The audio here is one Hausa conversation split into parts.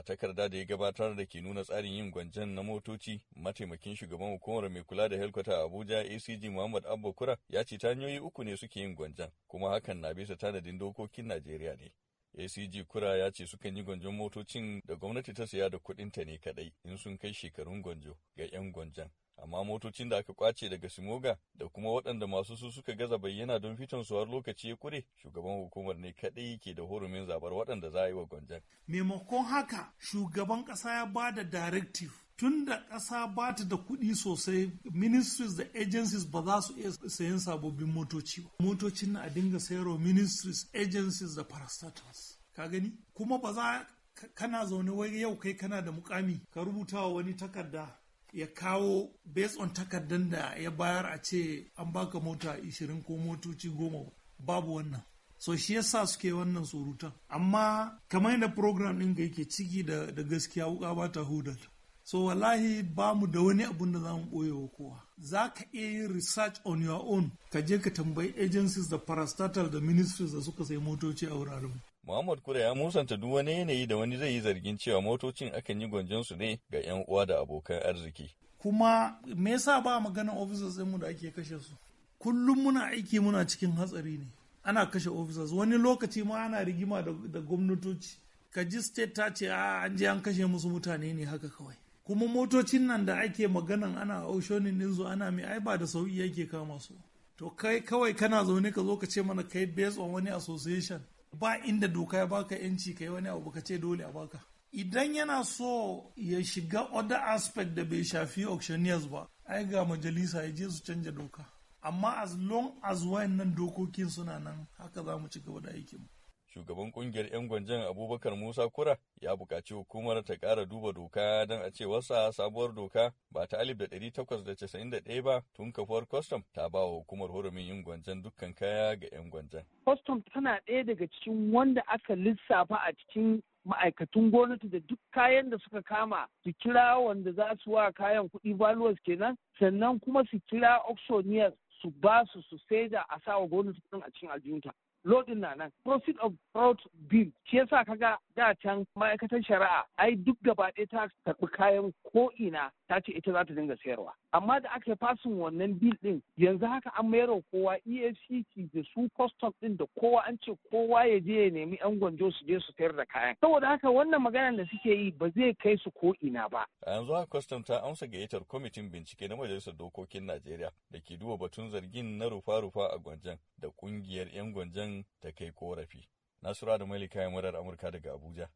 A takarda da ya gabatar da ke nuna tsarin yin gwanjan na motoci, mataimakin shugaban hukumar mai kula da helkwata a Abuja ACG Muhammad Abba ya ce ta hanyoyi uku ne suke yin gwanjan, kuma hakan na bisa tanadin dokokin Najeriya ne. ACG Kura ya ce sukan yi gwanjon motocin da gwamnati ta siya da kuɗinta ne kaɗai in sun kai shekarun gwanjo ga 'yan gwanjan. Amma motocin da aka kwace daga Simoga da kuma waɗanda masu su suka gaza bayyana don fitan su har lokaci ya kure, shugaban hukumar ne kaɗai ke da hurumin zabar waɗanda za a yi wa gwanjan. Maimakon haka, shugaban ƙasa ya bada da directive tun da ƙasa ba ta da kuɗi sosai ministries da agencies ba za su iya sayan sababbin motoci ba motocin na a dinga sayarwa ministries agencies da parastatals ka gani kuma ba za kana zaune wai yau kai kana da mukami ka rubuta wa wani takarda ya kawo based on takardan da ya bayar a ce an baka mota 20 ko motoci goma babu wannan so shi yasa suke wannan surutan amma kamar da program ɗin ga yake ciki da gaskiya wuka ba ta hudar so wallahi ba mu da wani abun da za mu ɓoye wa kowa za ka iya yin research on your own ka je ka tambayi agencies da parastatal da ministries da suka sai motoci a wuraren Muhammad Kura ya musanta duk wani yanayi da wani zai yi zargin cewa motocin akan yi gwanjon su ne ga 'yan uwa da abokan arziki. Kuma me yasa ba maganin officers mu da ake kashe su? Kullum muna aiki muna cikin hatsari ne. Ana kashe officers wani lokaci ma ana rigima da gwamnatoci. Ka ji state ta ce a an je an kashe musu mutane ne haka kawai. kuma motocin nan da ake maganan ana aushonin ninsu ana mai ai ba da sauki yake kama su to kai kawai kana zaune ka zo ka ce mana kai based on wani association ba inda doka ya baka yanci kai wani abu ka ce dole a baka idan yana so ya shiga other aspect da bai shafi auctioneers ba ai ga majalisa ya je su canja doka amma as long as wayannan dokokin suna nan haka za mu ci gaba da aikin mu shugaban kungiyar 'yan gwanjan abubakar musa kura ya bukaci hukumar ta kara duba doka don a ce wasa sabuwar doka ba ta alif da ɗari takwas da casa'in da ɗaya ba tun kafuwar kwastam ta ba wa hukumar hurumin yin gwanjan dukkan kaya ga 'yan gwanjan. kwastam tana ɗaya daga cikin wanda aka lissafa a cikin ma'aikatun gwamnati da duk kayan da suka kama su kira wanda za su wa kayan kuɗi valuers kenan sannan kuma su kira auctioneers su ba su su saida a sawa gwamnati kuɗin a cikin aljihunta. lodin na nan Profit of fraud bill shi yasa kaga da can ma'aikatar shari'a ai duk gaba ɗaya ta karɓi kayan ko ina ta ce ita za ta dinga sayarwa amma da aka yi fasin wannan bill din yanzu haka an mayar wa kowa EFCC da su custom din da kowa an ce kowa ya je ya nemi yan gwanjo su je su sayar da kayan saboda haka wannan magana da suke yi ba zai kai su ko ina ba yanzu haka custom ta amsa gayyatar kwamitin bincike na majalisar dokokin Najeriya da ke duba batun zargin na rufa-rufa a gwanjan da kungiyar yan gwanjan ta kai korafi. Nasura da Malika ya murar Amurka daga Abuja,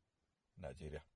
Najeriya.